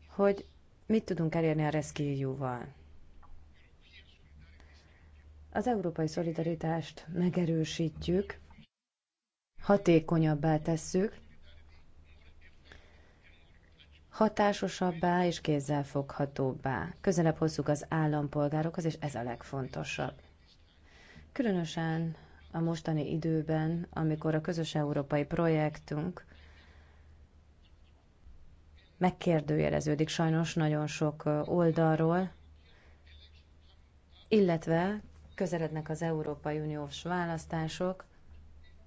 Speaker 3: hogy mit tudunk elérni a rescue Az európai szolidaritást megerősítjük, hatékonyabbá tesszük, hatásosabbá és kézzelfoghatóbbá. Közelebb hozzuk az állampolgárokhoz, és ez a legfontosabb. Különösen a mostani időben, amikor a közös európai projektünk megkérdőjeleződik sajnos nagyon sok oldalról, illetve közelednek az Európai Uniós választások.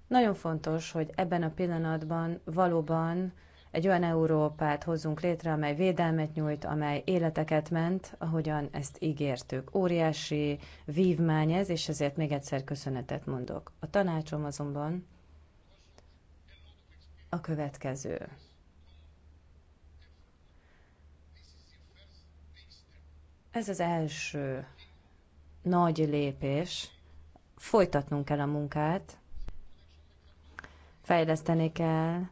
Speaker 3: Nagyon fontos, hogy ebben a pillanatban valóban egy olyan Európát hozzunk létre, amely védelmet nyújt, amely életeket ment, ahogyan ezt ígértük. Óriási vívmány ez, és ezért még egyszer köszönetet mondok. A tanácsom azonban a következő. Ez az első nagy lépés. Folytatnunk kell a munkát, fejleszteni kell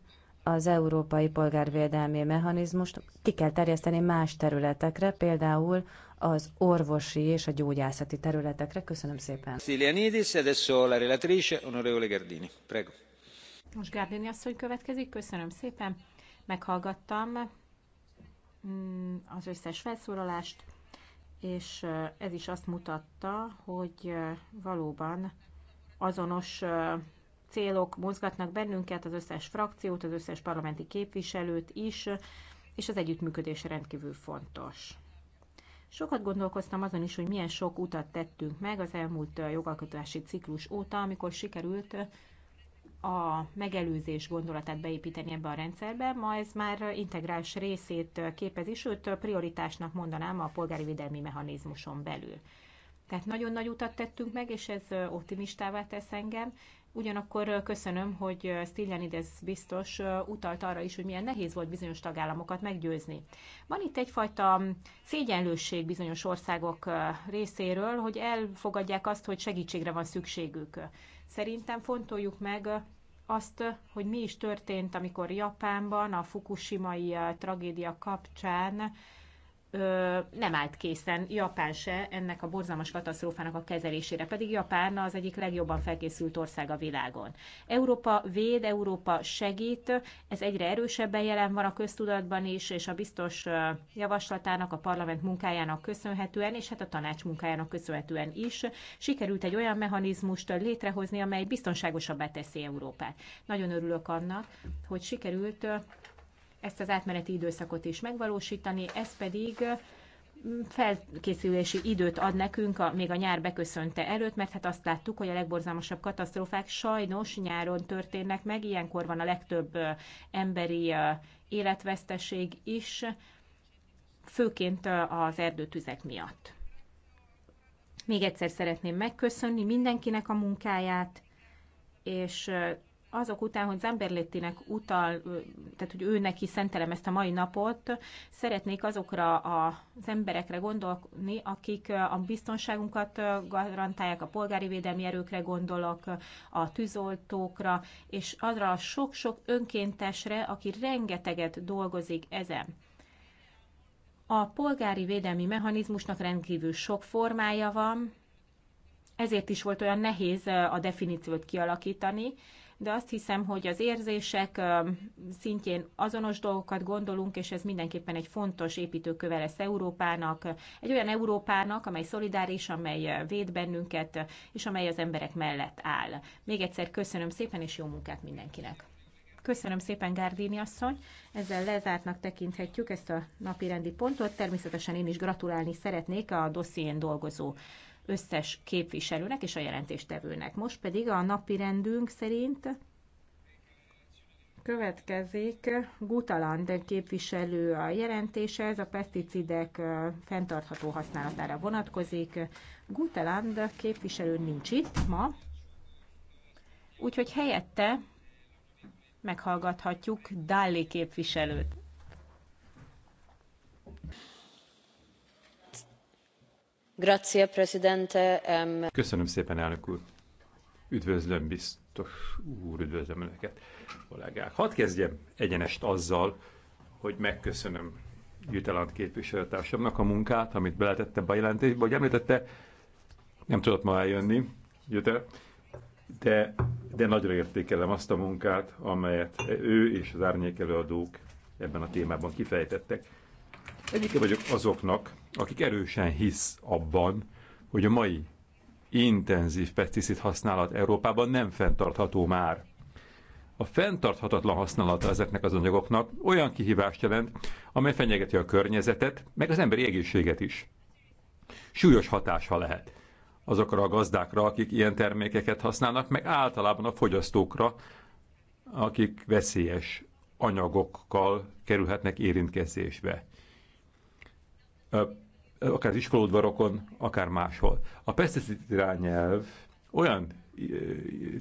Speaker 3: az európai polgárvédelmi mechanizmust ki kell terjeszteni más területekre, például az orvosi és a gyógyászati területekre. Köszönöm szépen.
Speaker 1: Stylianidis, adesso la relatrice, onorevole Gardini. Prego.
Speaker 2: Most Gardini asszony következik, köszönöm szépen. Meghallgattam mm, az összes felszólalást, és ez is azt mutatta, hogy valóban azonos célok mozgatnak bennünket, az összes frakciót, az összes parlamenti képviselőt is, és az együttműködés rendkívül fontos. Sokat gondolkoztam azon is, hogy milyen sok utat tettünk meg az elmúlt jogalkotási ciklus óta, amikor sikerült a megelőzés gondolatát beépíteni ebbe a rendszerbe. Ma ez már integrális részét képezi, sőt prioritásnak mondanám a polgári védelmi mechanizmuson belül. Tehát nagyon nagy utat tettünk meg, és ez optimistává tesz engem, Ugyanakkor köszönöm, hogy Stylianides biztos utalt arra is, hogy milyen nehéz volt bizonyos tagállamokat meggyőzni. Van itt egyfajta szégyenlősség bizonyos országok részéről, hogy elfogadják azt, hogy segítségre van szükségük. Szerintem fontoljuk meg azt, hogy mi is történt, amikor Japánban a fukushimai tragédia kapcsán nem állt készen, Japán se ennek a borzalmas katasztrófának a kezelésére, pedig Japán az egyik legjobban felkészült ország a világon. Európa véd, Európa segít, ez egyre erősebben jelen van a köztudatban is, és a biztos javaslatának, a parlament munkájának köszönhetően, és hát a tanács munkájának köszönhetően is sikerült egy olyan mechanizmust létrehozni, amely biztonságosabbá teszi Európát. Nagyon örülök annak, hogy sikerült ezt az átmeneti időszakot is megvalósítani, ez pedig felkészülési időt ad nekünk a, még a nyár beköszönte előtt, mert hát azt láttuk, hogy a legborzalmasabb katasztrófák sajnos nyáron történnek meg, ilyenkor van a legtöbb emberi életveszteség is, főként az erdőtüzek miatt. Még egyszer szeretném megköszönni mindenkinek a munkáját, és azok után, hogy Zamberlettinek utal, tehát hogy ő neki szentelem ezt a mai napot, szeretnék azokra az emberekre gondolni, akik a biztonságunkat garantálják, a polgári védelmi erőkre gondolok, a tűzoltókra, és arra a sok-sok önkéntesre, aki rengeteget dolgozik ezen. A polgári védelmi mechanizmusnak rendkívül sok formája van, ezért is volt olyan nehéz a definíciót kialakítani, de azt hiszem, hogy az érzések szintjén azonos dolgokat gondolunk, és ez mindenképpen egy fontos építőköve lesz Európának, egy olyan Európának, amely szolidáris, amely véd bennünket, és amely az emberek mellett áll. Még egyszer köszönöm szépen, és jó munkát mindenkinek! Köszönöm szépen, Gárdini asszony. Ezzel lezártnak tekinthetjük ezt a napi rendi pontot. Természetesen én is gratulálni szeretnék a dosszién dolgozó összes képviselőnek és a jelentéstevőnek. Most pedig a napi rendünk szerint következik Gutaland képviselő a jelentése, ez a peszticidek fenntartható használatára vonatkozik. Gutaland képviselő nincs itt ma, úgyhogy helyette meghallgathatjuk Dalli képviselőt.
Speaker 4: Köszönöm szépen, elnök úr. Üdvözlöm, biztos úr, üdvözlöm Önöket, kollégák. Hadd kezdjem egyenest azzal, hogy megköszönöm Jütelant képviselőtársamnak a munkát, amit beletette a jelentésbe, hogy említette, nem tudott ma eljönni, Jüte, de, de nagyra értékelem azt a munkát, amelyet ő és az árnyékelőadók ebben a témában kifejtettek. Egyike vagyok azoknak, akik erősen hisz abban, hogy a mai intenzív pesticid használat Európában nem fenntartható már. A fenntarthatatlan használata ezeknek az anyagoknak olyan kihívást jelent, amely fenyegeti a környezetet, meg az emberi egészséget is. Súlyos hatása lehet azokra a gazdákra, akik ilyen termékeket használnak, meg általában a fogyasztókra, akik veszélyes anyagokkal kerülhetnek érintkezésbe akár az iskolódvarokon, akár máshol. A pesticid irányelv olyan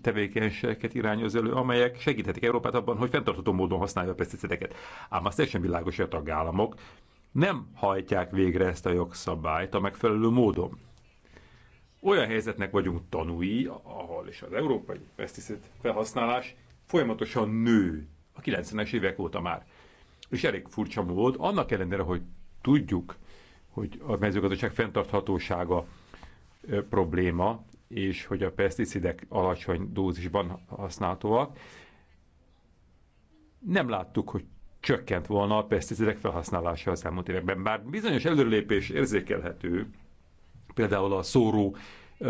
Speaker 4: tevékenységeket irányoz elő, amelyek segíthetik Európát abban, hogy fenntartható módon használja a peszticideket. Ám azt teljesen világos, hogy a tagállamok nem hajtják végre ezt a jogszabályt a megfelelő módon. Olyan helyzetnek vagyunk tanúi, ahol is az európai peszticid felhasználás folyamatosan nő a 90-es évek óta már. És elég furcsa mód, annak ellenére, hogy tudjuk, hogy a mezőgazdaság fenntarthatósága probléma, és hogy a peszticidek alacsony dózisban használhatóak. Nem láttuk, hogy csökkent volna a peszticidek felhasználása az elmúlt években. Bár bizonyos előrelépés érzékelhető, például a szóró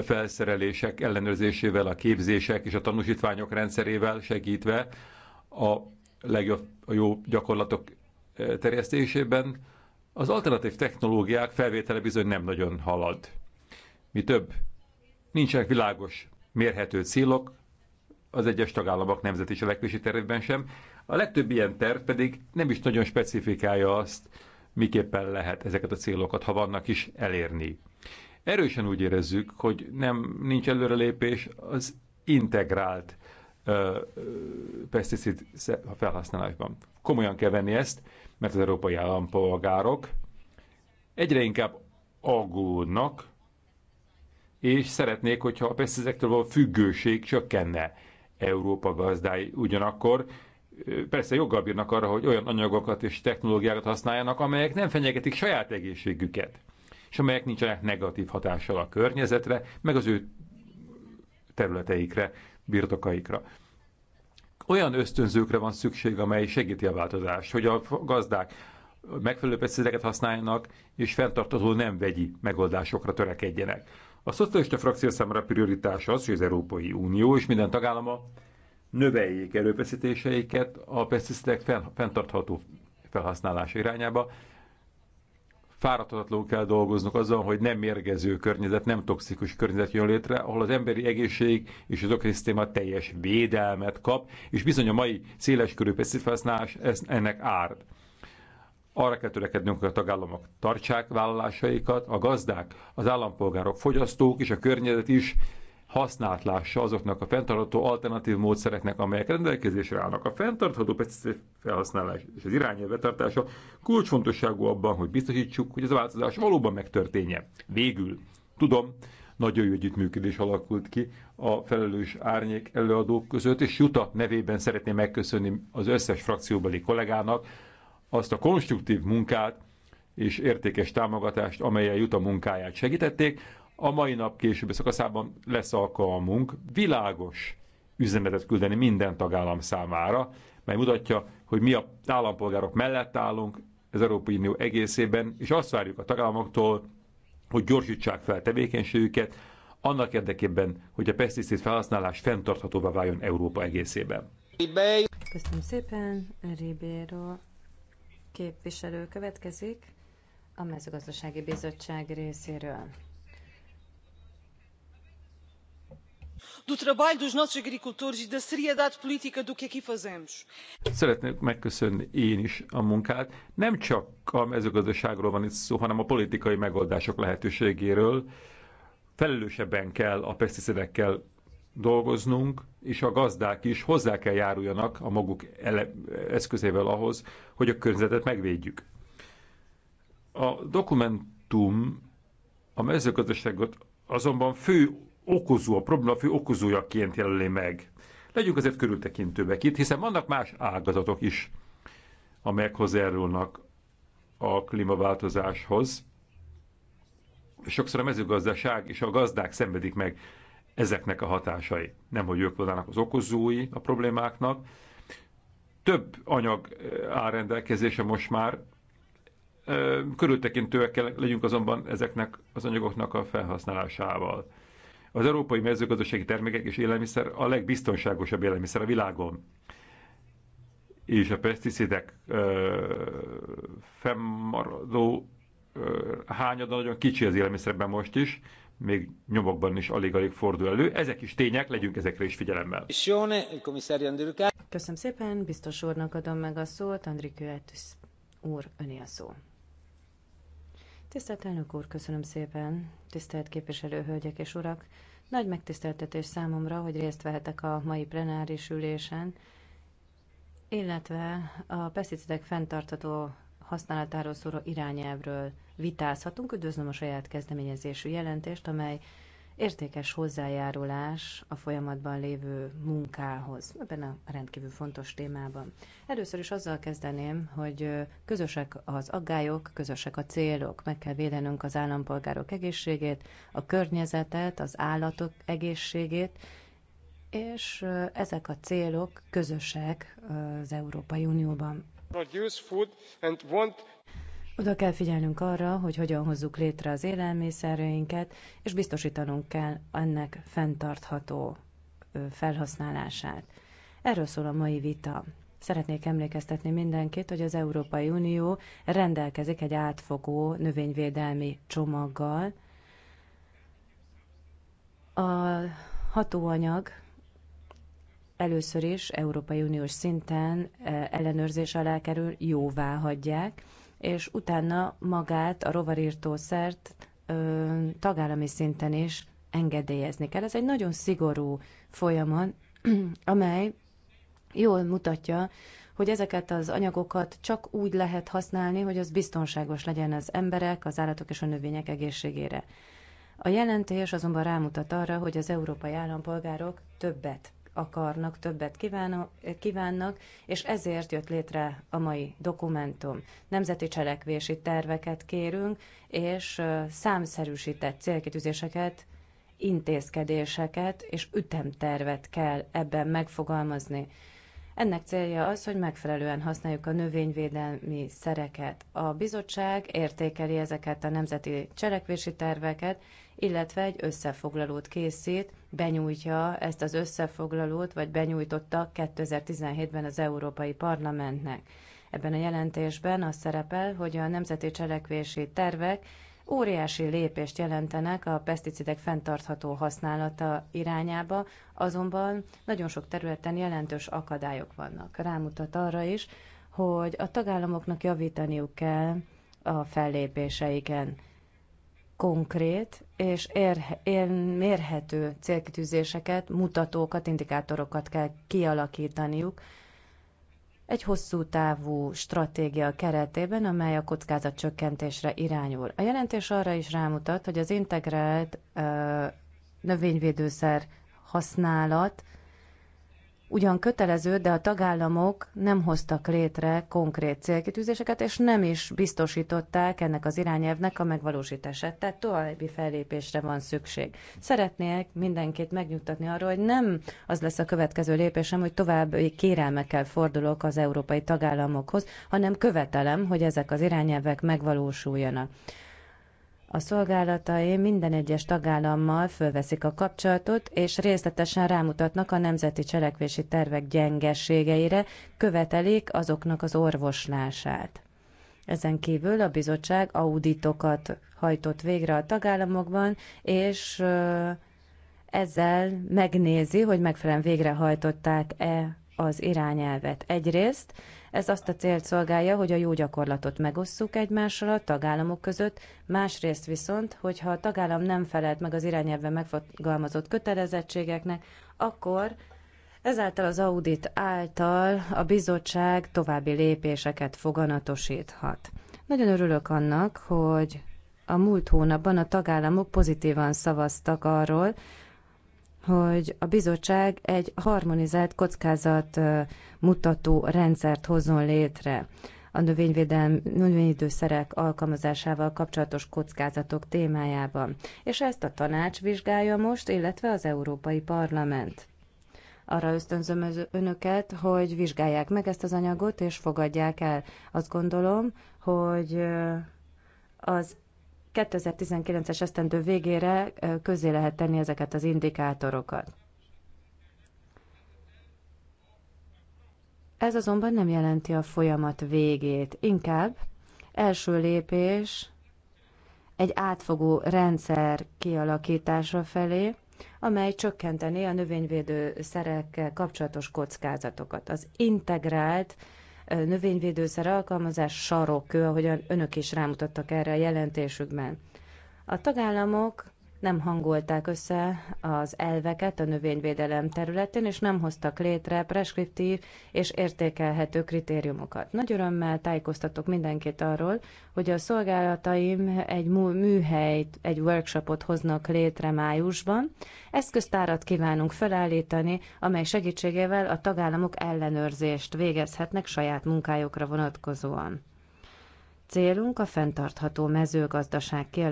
Speaker 4: felszerelések ellenőrzésével, a képzések és a tanúsítványok rendszerével segítve a legjobb a jó gyakorlatok terjesztésében, az alternatív technológiák felvétele bizony nem nagyon halad. Mi több, nincsenek világos, mérhető célok, az egyes tagállamok nemzeti cselekvési tervében sem. A legtöbb ilyen terv pedig nem is nagyon specifikálja azt, miképpen lehet ezeket a célokat, ha vannak is, elérni. Erősen úgy érezzük, hogy nem nincs előrelépés az integrált peszticid felhasználásban. Komolyan kell venni ezt, mert az európai állampolgárok egyre inkább aggódnak, és szeretnék, hogyha a peszticidektől való függőség csökkenne. Európa gazdái ugyanakkor persze joggal bírnak arra, hogy olyan anyagokat és technológiákat használjanak, amelyek nem fenyegetik saját egészségüket, és amelyek nincsenek negatív hatással a környezetre, meg az ő területeikre birtokaikra. Olyan ösztönzőkre van szükség, amely segíti a változást, hogy a gazdák megfelelő beszédeket használjanak, és fenntartató nem vegyi megoldásokra törekedjenek. A szocialista frakció számára prioritás az, hogy az Európai Unió és minden tagállama növeljék erőfeszítéseiket a pesticidek fenntartható felhasználása irányába, fáradhatatlanul kell dolgoznunk azon, hogy nem mérgező környezet, nem toxikus környezet jön létre, ahol az emberi egészség és az okrisztéma teljes védelmet kap, és bizony a mai széleskörű pesticidfelhasználás ennek árt. Arra kell törekednünk, hogy a tagállamok tartsák vállalásaikat, a gazdák, az állampolgárok, fogyasztók és a környezet is hasznát lássa azoknak a fenntartható alternatív módszereknek, amelyek rendelkezésre állnak. A fenntartható pesticid felhasználás és az irányelv betartása kulcsfontosságú abban, hogy biztosítsuk, hogy ez a változás valóban megtörténje. Végül, tudom, nagyon jó együttműködés alakult ki a felelős árnyék előadók között, és Juta nevében szeretném megköszönni az összes frakcióbeli kollégának azt a konstruktív munkát és értékes támogatást, amelyel Juta munkáját segítették, a mai nap későbbi szakaszában lesz alkalmunk világos üzenetet küldeni minden tagállam számára, mely mutatja, hogy mi a állampolgárok mellett állunk az Európai Unió egészében, és azt várjuk a tagállamoktól, hogy gyorsítsák fel tevékenységüket, annak érdekében, hogy a pesticid felhasználás fenntarthatóvá váljon Európa egészében.
Speaker 3: Köszönöm szépen, Ribéro képviselő következik a mezőgazdasági bizottság részéről.
Speaker 1: do trabalho dos nossos agricultores e da seriedade política do que aqui fazemos.
Speaker 4: Szeretnék megköszönni én is a munkát. Nem csak a mezőgazdaságról van itt szó, hanem a politikai megoldások lehetőségéről. Felelősebben kell a pesticidekkel dolgoznunk, és a gazdák is hozzá kell járuljanak a maguk ele- eszközével ahhoz, hogy a környezetet megvédjük. A dokumentum a mezőgazdaságot azonban fő okozó, a probléma fő okozójaként jelöli meg. Legyünk azért körültekintőbbek itt, hiszen vannak más ágazatok is, amelyek hozzájárulnak a klímaváltozáshoz. Sokszor a mezőgazdaság és a gazdák szenvedik meg ezeknek a hatásai. Nem, hogy ők vannak az okozói a problémáknak. Több anyag eh, áll rendelkezése most már, eh, körültekintőek kell legyünk azonban ezeknek az anyagoknak a felhasználásával. Az európai mezőgazdasági termékek és élelmiszer a legbiztonságosabb élelmiszer a világon. És a peszticidek fennmaradó hányada nagyon kicsi az élelmiszerben most is, még nyomokban is alig-alig fordul elő. Ezek is tények,
Speaker 1: legyünk ezekre is figyelemmel.
Speaker 3: Köszönöm szépen, biztos úrnak adom meg a szót, Kőetűsz úr, öné a szó. Tisztelt elnök úr, köszönöm szépen. Tisztelt képviselő hölgyek és urak. Nagy megtiszteltetés számomra, hogy részt vehetek a mai plenáris ülésen, illetve a peszticidek fenntartató használatáról szóló irányelvről vitázhatunk. Üdvözlöm a saját kezdeményezésű jelentést, amely értékes hozzájárulás a folyamatban lévő munkához, ebben a rendkívül fontos témában. Először is azzal kezdeném, hogy közösek az aggályok, közösek a célok. Meg kell védenünk az állampolgárok egészségét, a környezetet, az állatok egészségét, és ezek a célok közösek az Európai Unióban. Oda kell figyelnünk arra, hogy hogyan hozzuk létre az élelmiszereinket, és biztosítanunk kell ennek fenntartható felhasználását. Erről szól a mai vita. Szeretnék emlékeztetni mindenkit, hogy az Európai Unió rendelkezik egy átfogó növényvédelmi csomaggal. A hatóanyag először is Európai Uniós szinten ellenőrzés alá kerül, jóvá hagyják, és utána magát a rovarírtószert ö, tagállami szinten is engedélyezni kell. Ez egy nagyon szigorú folyamat, amely jól mutatja, hogy ezeket az anyagokat csak úgy lehet használni, hogy az biztonságos legyen az emberek, az állatok és a növények egészségére. A jelentés azonban rámutat arra, hogy az európai állampolgárok többet akarnak, többet kívánok, kívánnak, és ezért jött létre a mai dokumentum. Nemzeti cselekvési terveket kérünk, és számszerűsített célkitűzéseket, intézkedéseket és ütemtervet kell ebben megfogalmazni. Ennek célja az, hogy megfelelően használjuk a növényvédelmi szereket. A bizottság értékeli ezeket a nemzeti cselekvési terveket, illetve egy összefoglalót készít benyújtja ezt az összefoglalót, vagy benyújtotta 2017-ben az Európai Parlamentnek. Ebben a jelentésben az szerepel, hogy a nemzeti cselekvési tervek óriási lépést jelentenek a peszticidek fenntartható használata irányába, azonban nagyon sok területen jelentős akadályok vannak. Rámutat arra is, hogy a tagállamoknak javítaniuk kell a fellépéseiken konkrét és ér, ér, mérhető célkitűzéseket, mutatókat, indikátorokat kell kialakítaniuk egy hosszú távú stratégia keretében, amely a kockázat csökkentésre irányul. A jelentés arra is rámutat, hogy az integrált ö, növényvédőszer használat ugyan kötelező, de a tagállamok nem hoztak létre konkrét célkitűzéseket, és nem is biztosították ennek az irányelvnek a megvalósítását. Tehát további fellépésre van szükség. Szeretnék mindenkit megnyugtatni arról, hogy nem az lesz a következő lépésem, hogy további kérelmekkel fordulok az európai tagállamokhoz, hanem követelem, hogy ezek az irányelvek megvalósuljanak. A szolgálatai minden egyes tagállammal fölveszik a kapcsolatot, és részletesen rámutatnak a nemzeti cselekvési tervek gyengeségeire követelik azoknak az orvoslását. Ezen kívül a bizottság auditokat hajtott végre a tagállamokban, és ezzel megnézi, hogy megfelelően végrehajtották-e az irányelvet. Egyrészt ez azt a célt szolgálja, hogy a jó gyakorlatot megosszuk egymással a tagállamok között, másrészt viszont, hogyha a tagállam nem felelt meg az irányelven megfogalmazott kötelezettségeknek, akkor ezáltal az audit által a bizottság további lépéseket foganatosíthat. Nagyon örülök annak, hogy a múlt hónapban a tagállamok pozitívan szavaztak arról, hogy a bizottság egy harmonizált kockázat mutató rendszert hozzon létre a növényvédőszerek alkalmazásával kapcsolatos kockázatok témájában. És ezt a tanács vizsgálja most, illetve az Európai Parlament. Arra ösztönzöm az önöket, hogy vizsgálják meg ezt az anyagot, és fogadják el. Azt gondolom, hogy az 2019-es esztendő végére közé lehet tenni ezeket az indikátorokat. Ez azonban nem jelenti a folyamat végét, inkább első lépés egy átfogó rendszer kialakítása felé, amely csökkenteni a növényvédő szerekkel kapcsolatos kockázatokat. Az integrált növényvédőszer alkalmazás sarokkő, ahogyan önök is rámutattak erre a jelentésükben. A tagállamok nem hangolták össze az elveket a növényvédelem területén, és nem hoztak létre preskriptív és értékelhető kritériumokat. Nagy örömmel tájékoztatok mindenkit arról, hogy a szolgálataim egy műhelyt, egy workshopot hoznak létre májusban. Eszköztárat kívánunk felállítani, amely segítségével a tagállamok ellenőrzést végezhetnek saját munkájukra vonatkozóan. Célunk a fenntartható mezőgazdaság kialakítása.